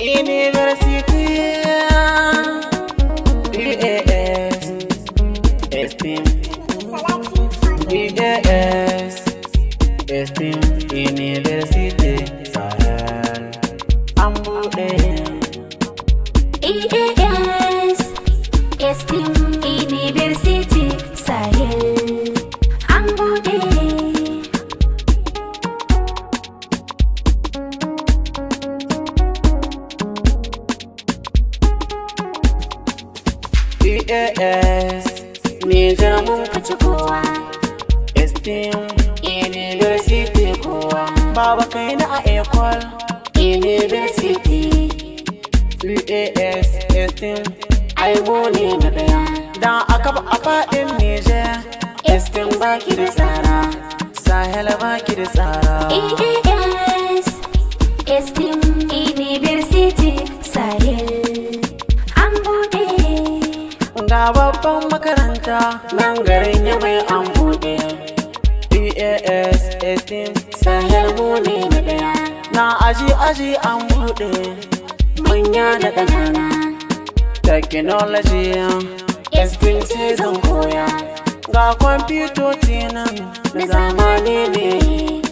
Universidad DAS Estim DAS Estim Universidad BAS Me jamun kaci STM University kowa Baba kai na a Ecole University BAS STM ne na daya Dan aka ba a faɗin Niger STM baki da tsara Sahel baki da tsara e STM makaranta babban makaranta nan garin ya mai an buɗe pas 18 sahel buɗe na daya na aji aji an buɗe manya da kanana technology um, experience zan koya ga kwamfutoci nan zamani ne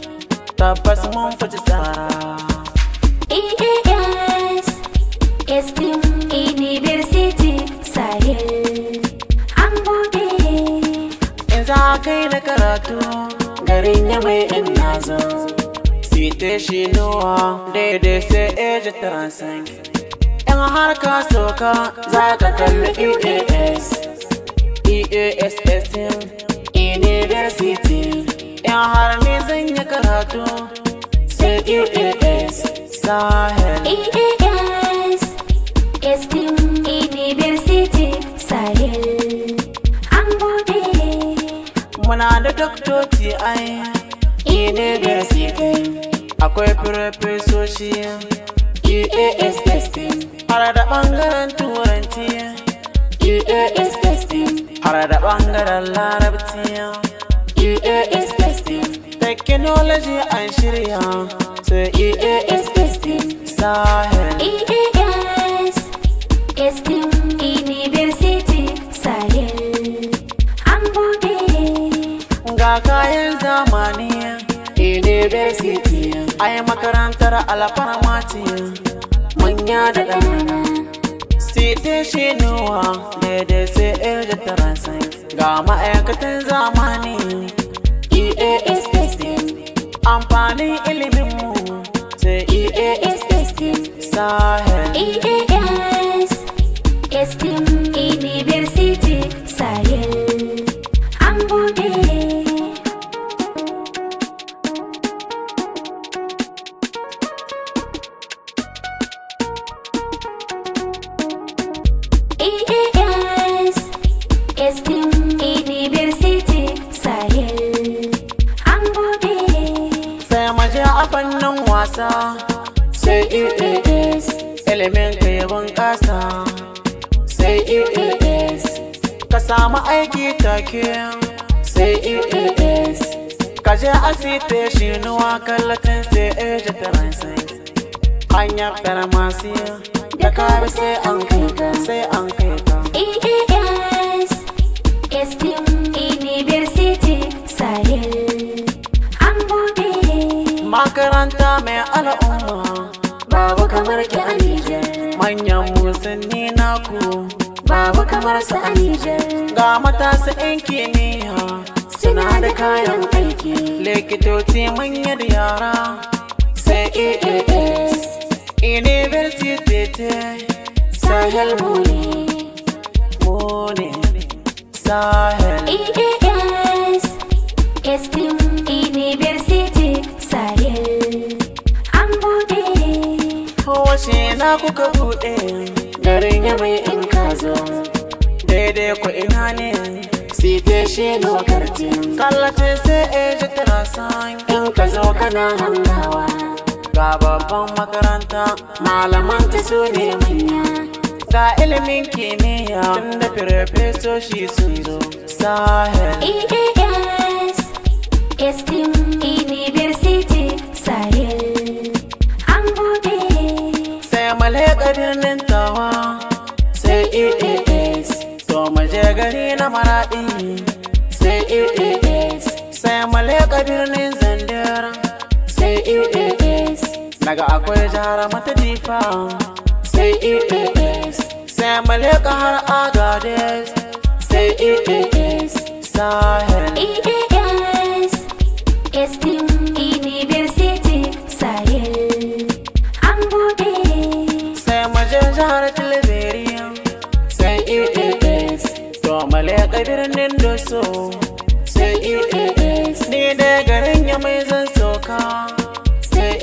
tabbas mun fi tsara ita shi nawa daidai sai eji transcend in har ka soka za ka kalli eas eas sm university in har ne zan yi karatu sai eas sahel eas sm university sahel an bude muna da doktoci ai university akwai ya uas testing hara da bangaren ya uas testing hara da bangaren larabci uas testing technology an shirya sai EAS testing sahel EAS testing university sahel an bude ga kayan zamani university ai makarantar alfarma ce manya da ƙanana site shi nuwa daidai sai yan jattara sai ga ma'aikatan zamani eas testing amfanin iliminmu sai eas testing sahel a fannin wasa sai EAS ilimin ya bunƙasa sai EAS ka samu aiki take sai EAS ka je asite shi nuwa kallatin sai eja taransa hanyar farmasiya da kare sai an kai babu kamar ki a Nijar. Manyan musulmi naku babu kamar su a Nijar. Ga matasa 'yan kimiyya suna da kayan aiki. Likitoci manyan yara sai EAS. University Sahel Muni. Muni Sahel. E ina kuka buɗe garin ya mai in ka zo daidai ku ina ne site shi lokarti kallace sai e ji tana san in ka zo kana hangawa ga babban makaranta malaman ta su ne manya ga ilimin kimiyya tun da firfesoshi sun zo sahel EAS STEM e. leƙa birnin zandar sai uas daga akwai jara mata difa sai uas sai mu leƙa har agades sai uas sahel uas estin university sahel an buɗe sai mu je jihar tilberiya sai uas to mu leƙa birnin doso